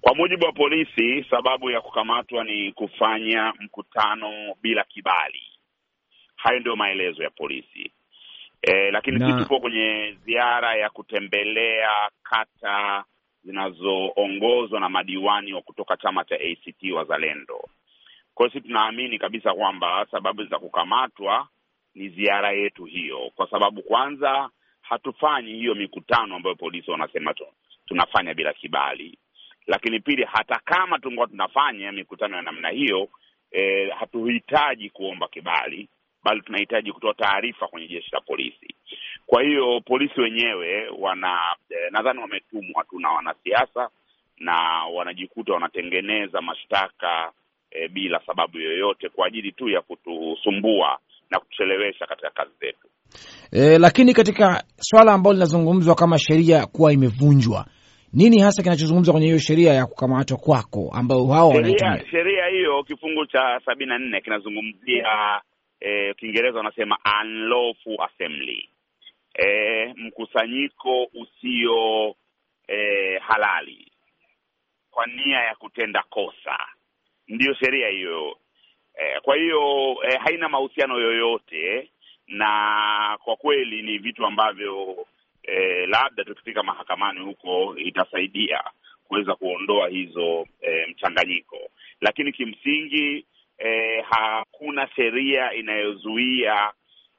Kwa mujibu wa polisi, sababu ya kukamatwa ni kufanya mkutano bila kibali. Hayo ndio maelezo ya polisi. E, lakini na... sisi tupo kwenye ziara ya kutembelea kata zinazoongozwa na madiwani wa kutoka chama cha ACT Wazalendo. Kwa hiyo sisi tunaamini kabisa kwamba sababu za kukamatwa ni ziara yetu hiyo, kwa sababu kwanza hatufanyi hiyo mikutano ambayo polisi wanasema tunafanya bila kibali. Lakini pili, hata kama tungekuwa tunafanya mikutano ya namna hiyo e, hatuhitaji kuomba kibali, bali tunahitaji kutoa taarifa kwenye jeshi la polisi. Kwa hiyo polisi wenyewe wana e, nadhani wametumwa tu na wanasiasa na wanajikuta wanatengeneza mashtaka E, bila sababu yoyote kwa ajili tu ya kutusumbua na kutuchelewesha katika kazi zetu. E, lakini katika swala ambalo linazungumzwa kama sheria kuwa imevunjwa, nini hasa kinachozungumzwa kwenye hiyo sheria ya kukamatwa kwako ambayo hao wanaitumia? Sheria hiyo kifungu cha sabini na nne kinazungumzia eh, Kiingereza wanasema unlawful assembly, eh, mkusanyiko usio eh, halali kwa nia ya kutenda kosa, ndiyo sheria hiyo eh. Kwa hiyo eh, haina mahusiano yoyote na kwa kweli ni vitu ambavyo eh, labda tukifika mahakamani huko itasaidia kuweza kuondoa hizo eh, mchanganyiko, lakini kimsingi eh, hakuna sheria inayozuia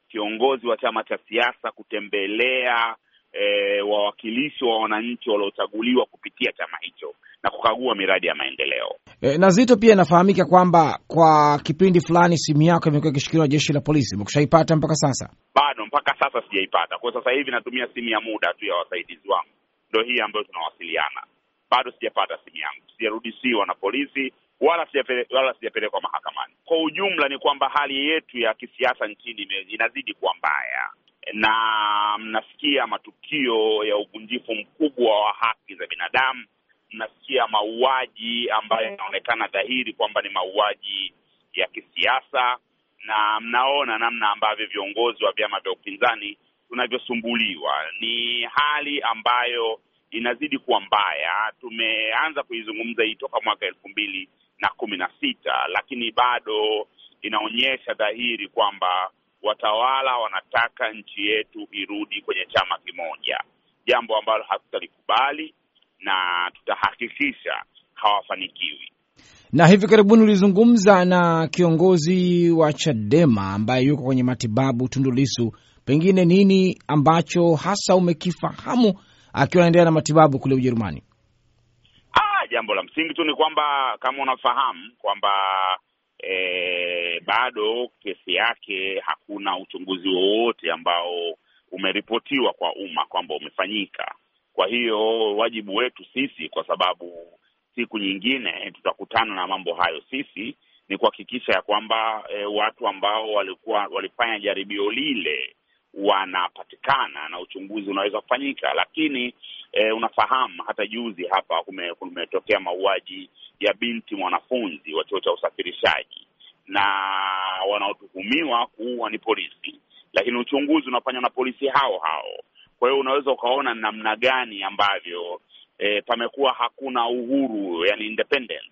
kiongozi wa chama cha siasa kutembelea E, wawakilishi wa wananchi waliochaguliwa kupitia chama hicho na kukagua miradi ya maendeleo. E, na Zito pia inafahamika kwamba kwa kipindi fulani simu yako imekuwa ikishikiliwa jeshi la polisi. Umekushaipata mpaka sasa? Bado mpaka sasa sijaipata. Kwa sasa hivi natumia simu ya muda tu ya wasaidizi wangu, ndio hii ambayo tunawasiliana. Bado sijapata simu yangu, sijarudishiwa na polisi wala sijapelekwa mahakamani. Kwa ujumla ni kwamba hali yetu ya kisiasa nchini inazidi kuwa mbaya na mnasikia matukio ya uvunjifu mkubwa wa haki za binadamu nasikia mauaji ambayo yanaonekana mm. dhahiri kwamba ni mauaji ya kisiasa, na mnaona namna ambavyo viongozi wa vyama vya upinzani tunavyosumbuliwa. Ni hali ambayo inazidi kuwa mbaya. Tumeanza kuizungumza hii toka mwaka elfu mbili na kumi na sita, lakini bado inaonyesha dhahiri kwamba watawala wanataka nchi yetu irudi kwenye chama kimoja, jambo ambalo hatutalikubali na tutahakikisha hawafanikiwi. Na hivi karibuni ulizungumza na kiongozi wa Chadema ambaye yuko kwenye matibabu, Tundu Lissu. Pengine nini ambacho hasa umekifahamu akiwa anaendelea na matibabu kule Ujerumani? Ah, jambo la msingi tu ni kwamba kama unafahamu kwamba e, bado kesi yake hakuna uchunguzi wowote ambao umeripotiwa kwa umma kwamba umefanyika. Kwa hiyo wajibu wetu sisi, kwa sababu siku nyingine tutakutana na mambo hayo, sisi ni kuhakikisha ya kwamba e, watu ambao walikuwa walifanya jaribio lile wanapatikana na uchunguzi unaweza kufanyika. Lakini e, unafahamu hata juzi hapa kumetokea mauaji ya binti mwanafunzi wa chuo cha usafirishaji na wanaotuhumiwa kuua ni polisi, lakini uchunguzi unafanywa na polisi hao hao. Kwa hiyo unaweza ukaona namna gani ambavyo e, pamekuwa hakuna uhuru, yani independence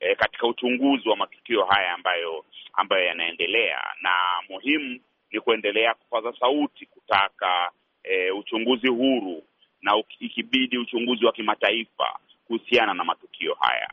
e, katika uchunguzi wa matukio haya ambayo ambayo yanaendelea, na muhimu ni kuendelea kupaza sauti kutaka e, uchunguzi huru na ikibidi uchunguzi wa kimataifa kuhusiana na matukio haya.